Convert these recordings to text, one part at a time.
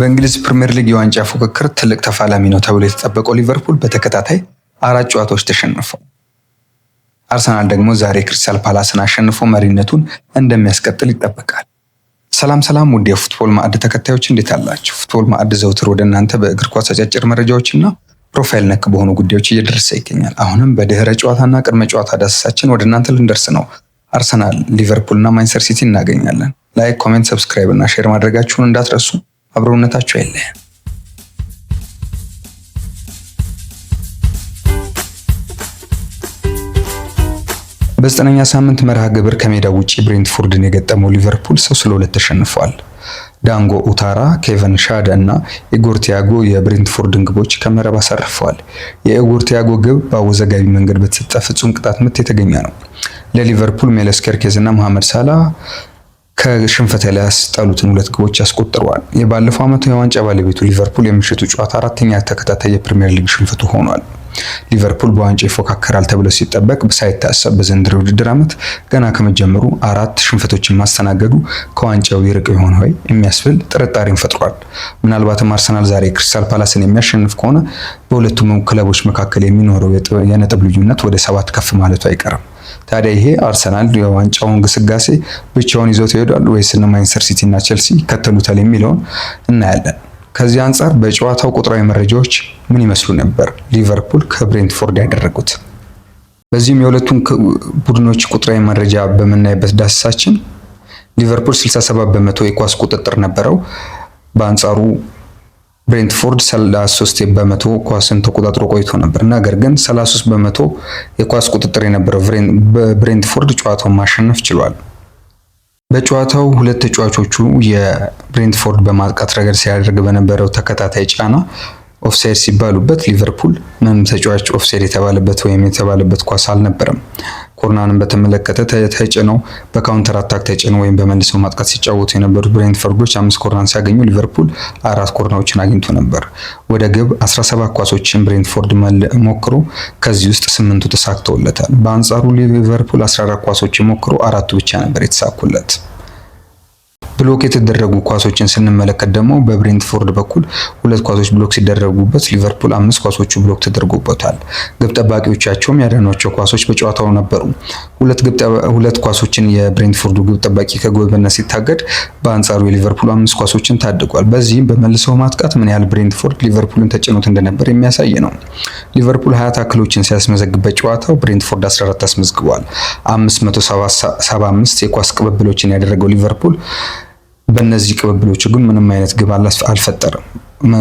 በእንግሊዝ ፕሪምየር ሊግ የዋንጫ ፉክክር ትልቅ ተፋላሚ ነው ተብሎ የተጠበቀው ሊቨርፑል በተከታታይ አራት ጨዋታዎች ተሸንፈው፣ አርሰናል ደግሞ ዛሬ ክሪስታል ፓላስን አሸንፎ መሪነቱን እንደሚያስቀጥል ይጠበቃል። ሰላም ሰላም፣ ውድ የፉትቦል ማዕድ ተከታዮች እንዴት አላችሁ? ፉትቦል ማዕድ ዘውትር ወደ እናንተ በእግር ኳስ አጫጭር መረጃዎችና ፕሮፋይል ነክ በሆኑ ጉዳዮች እየደረሰ ይገኛል። አሁንም በድህረ ጨዋታና ቅድመ ጨዋታ ዳሰሳችን ወደ እናንተ ልንደርስ ነው። አርሰናል፣ ሊቨርፑል እና ማንቸስተር ሲቲ እናገኛለን። ላይክ፣ ኮሜንት፣ ሰብስክራይብ እና ሼር ማድረጋችሁን እንዳትረሱ። አብሮነታቸው የለ። በዘጠነኛ ሳምንት መርሃ ግብር ከሜዳ ውጪ ብሬንትፎርድን የገጠመው ሊቨርፑል ሶስት ለሁለት ተሸንፏል። ዳንጎ ኡታራ፣ ኬቨን ሻደ እና ኢጎር ቲያጎ የብሬንትፎርድን ግቦች ከመረብ አሳርፈዋል። የኢጎር ቲያጎ ግብ በአወዛጋቢ መንገድ በተሰጠ ፍጹም ቅጣት ምት የተገኘ ነው። ለሊቨርፑል ሜለስ ኬርኬዝ እና መሐመድ ሳላ ከሽንፈት ያስጣሉትን ሁለት ግቦች ያስቆጥረዋል። የባለፈው ዓመቱ የዋንጫ ባለቤቱ ሊቨርፑል የምሽቱ ጨዋታ አራተኛ ተከታታይ የፕሪምየር ሊግ ሽንፈቱ ሆኗል። ሊቨርፑል በዋንጫ ይፎካከራል ተብሎ ሲጠበቅ ሳይታሰብ በዘንድሮ ውድድር ዓመት ገና ከመጀመሩ አራት ሽንፈቶችን ማስተናገዱ ከዋንጫው ይርቅ ይሆን ሆይ የሚያስብል ጥርጣሬን ፈጥሯል። ምናልባትም አርሰናል ዛሬ ክሪስታል ፓላስን የሚያሸንፍ ከሆነ በሁለቱም ክለቦች መካከል የሚኖረው የነጥብ ልዩነት ወደ ሰባት ከፍ ማለቱ አይቀርም። ታዲያ ይሄ አርሰናል የዋንጫውን ግስጋሴ ብቻውን ይዘው ይሄዳል ወይስ ማንቸስተር ሲቲ እና ቼልሲ ይከተሉታል የሚለውን እናያለን። ከዚህ አንጻር በጨዋታው ቁጥራዊ መረጃዎች ምን ይመስሉ ነበር? ሊቨርፑል ከብሬንትፎርድ ያደረጉት። በዚህም የሁለቱን ቡድኖች ቁጥራዊ መረጃ በምናይበት ዳሰሳችን ሊቨርፑል 67 በመቶ የኳስ ቁጥጥር ነበረው። በአንጻሩ ብሬንትፎርድ 33 በመቶ ኳስን ተቆጣጥሮ ቆይቶ ነበር። ነገር ግን 33 በመቶ የኳስ ቁጥጥር የነበረው ብሬንትፎርድ ጨዋታውን ማሸነፍ ችሏል። በጨዋታው ሁለት ተጫዋቾቹ የብሬንትፎርድ በማጥቃት ረገድ ሲያደርግ በነበረው ተከታታይ ጫና ኦፍሳይድ ሲባሉበት ሊቨርፑል ምንም ተጫዋች ኦፍሳይድ የተባለበት ወይም የተባለበት ኳስ አልነበረም። ኮርናንን በተመለከተ ተጭነው በካውንተር አታክ ተጭነው ወይም በመልሰው ማጥቃት ሲጫወቱ የነበሩት ብሬንትፈርዶች አምስት ኮርናን ሲያገኙ ሊቨርፑል አራት ኮርናዎችን አግኝቶ ነበር። ወደ ግብ 17 ኳሶችን ብሬንትፎርድ ሞክሮ ከዚህ ውስጥ ስምንቱ ተሳክተውለታል። በአንጻሩ ሊቨርፑል 14 ኳሶችን ሞክሮ አራቱ ብቻ ነበር የተሳኩለት። ብሎክ የተደረጉ ኳሶችን ስንመለከት ደግሞ በብሬንትፎርድ በኩል ሁለት ኳሶች ብሎክ ሲደረጉበት፣ ሊቨርፑል አምስት ኳሶቹ ብሎክ ተደርጎበታል። ግብ ጠባቂዎቻቸውም ያዳኗቸው ኳሶች በጨዋታው ነበሩ። ሁለት ኳሶችን የብሬንትፎርዱ ግብ ጠባቂ ከጎበነት ሲታገድ፣ በአንጻሩ የሊቨርፑል አምስት ኳሶችን ታድጓል። በዚህም በመልሰው ማጥቃት ምን ያህል ብሬንትፎርድ ሊቨርፑልን ተጭኖት እንደነበር የሚያሳይ ነው። ሊቨርፑል ሀያ ታክሎችን ሲያስመዘግበት ጨዋታው ብሬንትፎርድ 14 አስመዝግቧል። 575 የኳስ ቅብብሎችን ያደረገው ሊቨርፑል በእነዚህ ቅብብሎቹ ግን ምንም አይነት ግብ አልፈጠረም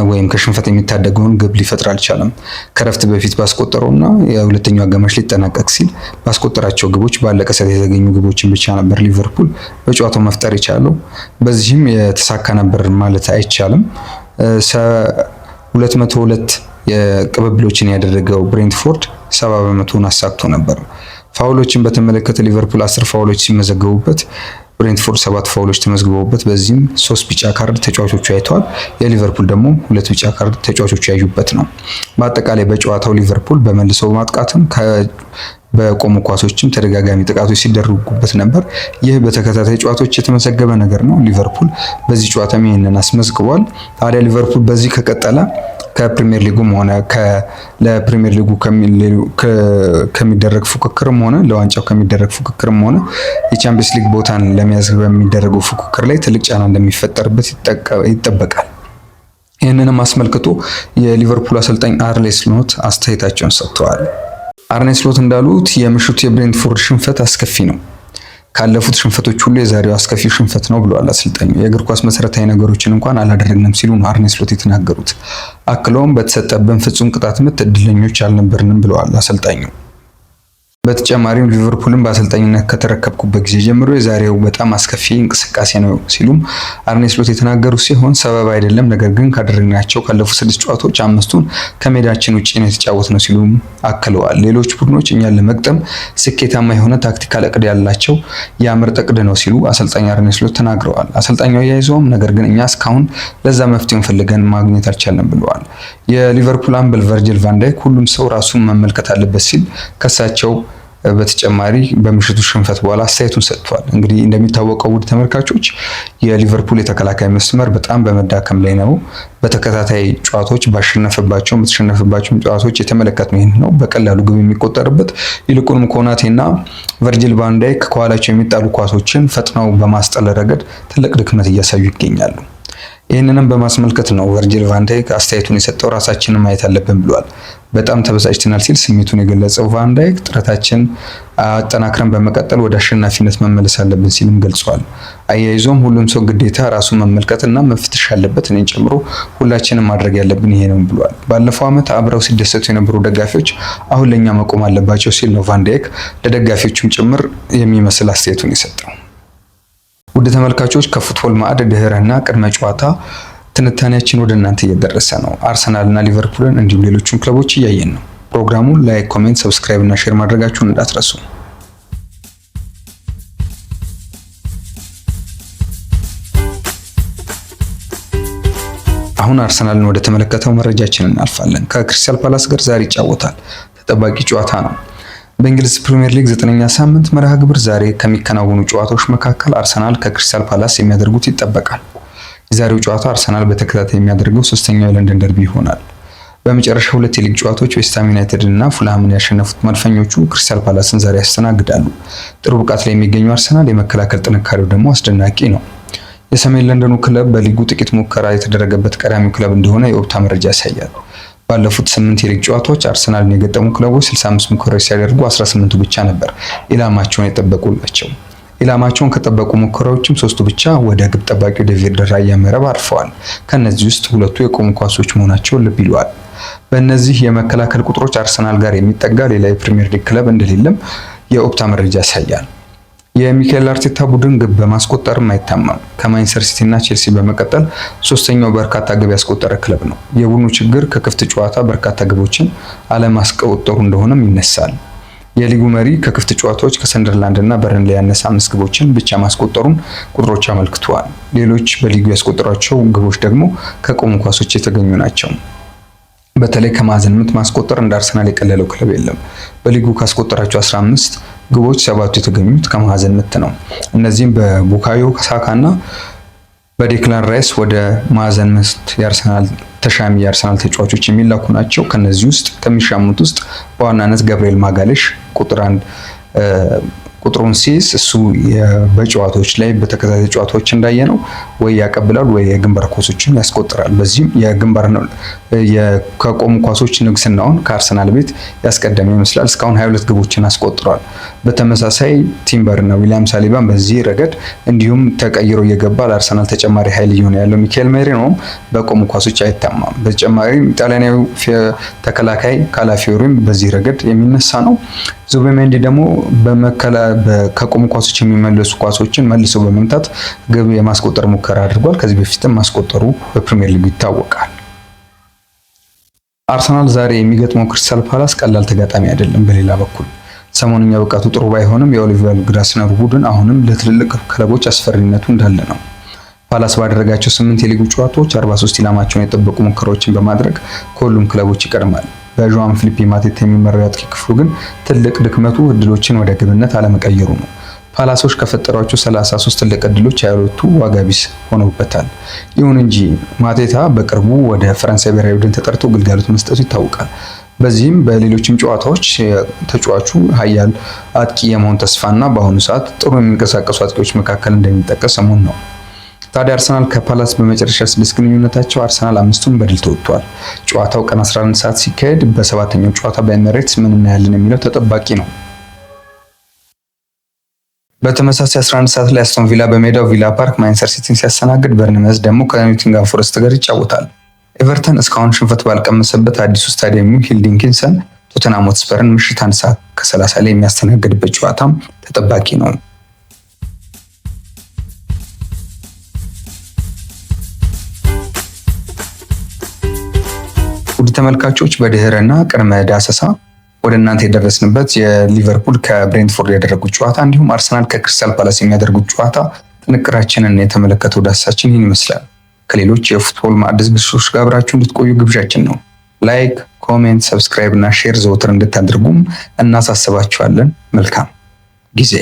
ወይም ከሽንፈት የሚታደገውን ግብ ሊፈጥር አልቻለም። ከረፍት በፊት ባስቆጠረውና የሁለተኛው አጋማሽ ሊጠናቀቅ ሲል ባስቆጠራቸው ግቦች ባለቀ ሰዓት የተገኙ ግቦችን ብቻ ነበር ሊቨርፑል በጨዋታው መፍጠር የቻለው። በዚህም የተሳካ ነበር ማለት አይቻልም። ሁለት መቶ የቅብብሎችን ያደረገው ብሬንትፎርድ ሰባ በመቶውን አሳክቶ ነበር። ፋውሎችን በተመለከተ ሊቨርፑል አስር ፋውሎች ሲመዘገቡበት ብሬንትፎርድ ሰባት ፋውሎች ተመዝግበውበት በዚህም ሶስት ቢጫ ካርድ ተጫዋቾቹ አይተዋል። የሊቨርፑል ደግሞ ሁለት ቢጫ ካርድ ተጫዋቾቹ ያዩበት ነው። በአጠቃላይ በጨዋታው ሊቨርፑል በመልሰው ማጥቃትም በቆሙ ኳሶችም ተደጋጋሚ ጥቃቶች ሲደረጉበት ነበር። ይህ በተከታታይ ጨዋታዎች የተመዘገበ ነገር ነው። ሊቨርፑል በዚህ ጨዋታም ይህንን አስመዝግቧል። ታዲያ ሊቨርፑል በዚህ ከቀጠለ ከፕሪሚየር ሊጉም ሆነ ለፕሪሚየር ሊጉ ከሚደረግ ፉክክርም ሆነ ለዋንጫው ከሚደረግ ፉክክርም ሆነ የቻምፒየንስ ሊግ ቦታን ለመያዝ በሚደረገው ፉክክር ላይ ትልቅ ጫና እንደሚፈጠርበት ይጠበቃል። ይህንንም አስመልክቶ የሊቨርፑል አሰልጣኝ አርኔ ስሎት አስተያየታቸውን ሰጥተዋል። አርኔ ስሎት እንዳሉት የምሽቱ የብሬንትፎርድ ሽንፈት አስከፊ ነው። ካለፉት ሽንፈቶች ሁሉ የዛሬው አስከፊ ሽንፈት ነው ብለዋል አሰልጣኙ። የእግር ኳስ መሰረታዊ ነገሮችን እንኳን አላደረግንም ሲሉ ነው አርኔ ስሎት የተናገሩት። አክለውም በተሰጠብን ፍጹም ቅጣት ምት እድለኞች አልነበርንም ብለዋል አሰልጣኙ። በተጨማሪም ሊቨርፑልን በአሰልጣኝነት ከተረከብኩበት ጊዜ ጀምሮ የዛሬው በጣም አስከፊ እንቅስቃሴ ነው ሲሉም አርኔ ስሎት የተናገሩ ሲሆን ሰበብ አይደለም፣ ነገር ግን ካደረግናቸው ካለፉት ስድስት ጨዋታዎች አምስቱን ከሜዳችን ውጭ ነው የተጫወት ነው ሲሉም አክለዋል። ሌሎች ቡድኖች እኛን ለመግጠም ስኬታማ የሆነ ታክቲካል እቅድ ያላቸው የአምርጥ እቅድ ነው ሲሉ አሰልጣኝ አርኔ ስሎት ተናግረዋል። አሰልጣኛው አያይዘውም ነገር ግን እኛ እስካሁን ለዛ መፍትሄውን ፈልገን ማግኘት አልቻለም ብለዋል። የሊቨርፑል አምበል ቨርጅል ቫንዳይክ ሁሉም ሰው ራሱን መመልከት አለበት ሲል ከሳቸው በተጨማሪ በምሽቱ ሽንፈት በኋላ አስተያየቱን ሰጥቷል። እንግዲህ እንደሚታወቀው ውድ ተመልካቾች የሊቨርፑል የተከላካይ መስመር በጣም በመዳከም ላይ ነው። በተከታታይ ጨዋታዎች ባሸነፈባቸው በተሸነፈባቸውም ጨዋታዎች የተመለከትነው ይህን ነው። በቀላሉ ግብ የሚቆጠርበት ይልቁንም ኮናቴና ቨርጅል ቫን ከኋላቸው የሚጣሉ ኳሶችን ፈጥነው በማስጠል ረገድ ትልቅ ድክመት እያሳዩ ይገኛሉ። ይህንንም በማስመልከት ነው ቨርጅል ቫንዳይክ አስተያየቱን የሰጠው። ራሳችንን ማየት አለብን ብሏል። በጣም ተበሳጭተናል ሲል ስሜቱን የገለጸው ቫንዳይክ ጥረታችን አጠናክረን በመቀጠል ወደ አሸናፊነት መመለስ አለብን ሲልም ገልጿል። አያይዞም ሁሉም ሰው ግዴታ ራሱን መመልከትና መፍትሽ አለበት፣ እኔን ጨምሮ ሁላችንም ማድረግ ያለብን ይሄ ነው ብሏል። ባለፈው ዓመት አብረው ሲደሰቱ የነበሩ ደጋፊዎች አሁን ለእኛ መቆም አለባቸው ሲል ነው ቫንዳይክ ለደጋፊዎቹም ጭምር የሚመስል አስተያየቱን የሰጠው። ውድ ተመልካቾች ከፉትቦል ማዕድ ድህረና ቅድመ ጨዋታ ትንታኔያችን ወደ እናንተ እየደረሰ ነው። አርሰናልና ሊቨርፑልን እንዲሁም ሌሎችም ክለቦች እያየን ነው። ፕሮግራሙን ላይክ፣ ኮሜንት፣ ሰብስክራይብ እና ሼር ማድረጋችሁን እንዳትረሱ። አሁን አርሰናልን ወደ ተመለከተው መረጃችን እናልፋለን። ከክሪስታል ፓላስ ጋር ዛሬ ይጫወታል። ተጠባቂ ጨዋታ ነው። በእንግሊዝ ፕሪምየር ሊግ ዘጠነኛ ሳምንት መርሃ ግብር ዛሬ ከሚከናወኑ ጨዋታዎች መካከል አርሰናል ከክሪስታል ፓላስ የሚያደርጉት ይጠበቃል። የዛሬው ጨዋታ አርሰናል በተከታታይ የሚያደርገው ሶስተኛው የለንደን ደርቢ ይሆናል። በመጨረሻ ሁለት የሊግ ጨዋታዎች ዌስትሃም ዩናይትድ እና ፉልሃምን ያሸነፉት መድፈኞቹ ክሪስታል ፓላስን ዛሬ ያስተናግዳሉ። ጥሩ ብቃት ላይ የሚገኙ አርሰናል የመከላከል ጥንካሬው ደግሞ አስደናቂ ነው። የሰሜን ለንደኑ ክለብ በሊጉ ጥቂት ሙከራ የተደረገበት ቀዳሚው ክለብ እንደሆነ የኦፕታ መረጃ ያሳያል። ባለፉት ስምንት የሊግ ጨዋታዎች አርሰናልን የገጠሙ ክለቦች 65 ሙከራዎች ሲያደርጉ 18ቱ ብቻ ነበር ኢላማቸውን የጠበቁላቸው። ኢላማቸውን ከጠበቁ ሙከራዎችም ሶስቱ ብቻ ወደ ግብ ጠባቂው ዴቪድ ራያ መረብ አርፈዋል። ከነዚህ ውስጥ ሁለቱ የቆሙ ኳሶች መሆናቸው ልብ ይለዋል። በእነዚህ የመከላከል ቁጥሮች አርሰናል ጋር የሚጠጋ ሌላ የፕሪሚየር ሊግ ክለብ እንደሌለም የኦፕታ መረጃ ያሳያል። የሚካኤል አርቴታ ቡድን ግብ በማስቆጠርም አይታማም። ከማንቸስተር ሲቲና ቼልሲ በመቀጠል ሶስተኛው በርካታ ግብ ያስቆጠረ ክለብ ነው። የቡድኑ ችግር ከክፍት ጨዋታ በርካታ ግቦችን አለማስቆጠሩ እንደሆነም ይነሳል። የሊጉ መሪ ከክፍት ጨዋታዎች ከሰንደርላንድ እና በርንሊ ያነሰ አምስት ግቦችን ብቻ ማስቆጠሩን ቁጥሮች አመልክተዋል። ሌሎች በሊጉ ያስቆጠሯቸው ግቦች ደግሞ ከቆሙ ኳሶች የተገኙ ናቸው። በተለይ ከማዕዘን ምት ማስቆጠር እንደ አርሰናል የቀለለው ክለብ የለም። በሊጉ ካስቆጠራቸው 15 ግቦች ሰባቱ የተገኙት ከማዕዘን ምት ነው። እነዚህም በቡካዮ ሳካ እና በዴክላን ራይስ ወደ ማዕዘን ምት የአርሰናል ተሻሚ የአርሰናል ተጫዋቾች የሚላኩ ናቸው። ከነዚህ ውስጥ ከሚሻሙት ውስጥ በዋናነት ገብርኤል ማጋሌሽ ቁጥር አንድ ቁጥሩን ሲይዝ እሱ በጨዋታዎች ላይ በተከታታይ ጨዋታዎች እንዳየ ነው ወይ ያቀብላል ወይ የግንባር ኳሶችን ያስቆጥራል። በዚህም የግንባር ነው ከቆሙ ኳሶች ንግስናውን ከአርሰናል ቤት ያስቀደመ ይመስላል። እስካሁን 22 ግቦችን አስቆጥሯል። በተመሳሳይ ቲምበር እና ዊሊያም ሳሊባን በዚህ ረገድ እንዲሁም ተቀይሮ እየገባ ለአርሰናል ተጨማሪ ኃይል እየሆነ ያለው ሚካኤል ሜሪኖም በቆሙ ኳሶች አይታማም። በተጨማሪም ጣሊያናዊ ተከላካይ ካላፊዮሪም በዚህ ረገድ የሚነሳ ነው። ዙቤሜንዲ ደግሞ በመከላ ከቆሙ ኳሶች የሚመለሱ ኳሶችን መልሶ በመምታት ግብ የማስቆጠር ሙከራ አድርጓል። ከዚህ በፊትም ማስቆጠሩ በፕሪሚየር ሊጉ ይታወቃል። አርሰናል ዛሬ የሚገጥመው ክሪስታል ፓላስ ቀላል ተጋጣሚ አይደለም። በሌላ በኩል ሰሞኑኛ ብቃቱ ጥሩ ባይሆንም የኦሊቨር ግራስነር ቡድን አሁንም ለትልልቅ ክለቦች አስፈሪነቱ እንዳለ ነው። ፓላስ ባደረጋቸው ስምንት የሊጉ ጨዋታዎች 43 ኢላማቸውን የጠበቁ ሙከራዎችን በማድረግ ከሁሉም ክለቦች ይቀድማል። በዦአን ፊሊፔ ማቴታ የሚመራው የአጥቂ ክፍሉ ግን ትልቅ ድክመቱ እድሎችን ወደ ግብነት አለመቀየሩ ነው። ፓላሶች ከፈጠሯቸው 33 ትልቅ እድሎች ያሉት ዋጋቢስ ሆነውበታል። ይሁን እንጂ ማቴታ በቅርቡ ወደ ፈረንሳይ ብሔራዊ ቡድን ተጠርቶ ግልጋሎት መስጠቱ ይታወቃል። በዚህም በሌሎችም ጨዋታዎች ተጫዋቹ ኃያል አጥቂ የመሆን ተስፋና በአሁኑ ሰዓት ጥሩ የሚንቀሳቀሱ አጥቂዎች መካከል እንደሚጠቀስ ሰሞን ነው። ታዲያ አርሰናል ከፓላስ በመጨረሻ ስድስት ግንኙነታቸው አርሰናል አምስቱን በድል ተወጥቷል። ጨዋታው ቀን 11 ሰዓት ሲካሄድ በሰባተኛው ጨዋታ በኤምሬትስ ምን እናያለን የሚለው ተጠባቂ ነው። በተመሳሳይ 11 ሰዓት ላይ አስቶን ቪላ በሜዳው ቪላ ፓርክ ማንቸስተር ሲቲን ሲያስተናግድ፣ በርንመዝ ደግሞ ከኖቲንግሃም ፎረስት ጋር ይጫወታል። ኤቨርተን እስካሁን ሽንፈት ባልቀመሰበት አዲሱ ስታዲየሙ ሂል ቶተናም ሆትስፐርን ምሽት አንድ ሰዓት ከ30 ላይ የሚያስተናግድበት ጨዋታም ተጠባቂ ነው። ተመልካቾች በድህረና ቅድመ ዳሰሳ ወደ እናንተ የደረስንበት የሊቨርፑል ከብሬንትፎርድ ያደረጉት ጨዋታ እንዲሁም አርሰናል ከክሪስታል ፓላስ የሚያደርጉት ጨዋታ ጥንቅራችንን የተመለከተው ዳሰሳችን ይህን ይመስላል። ከሌሎች የፉትቦል ማዕድስ ግሶች ጋር አብራችሁ እንድትቆዩ ግብዣችን ነው። ላይክ፣ ኮሜንት፣ ሰብስክራይብ እና ሼር ዘወትር እንድታደርጉም እናሳስባችኋለን። መልካም ጊዜ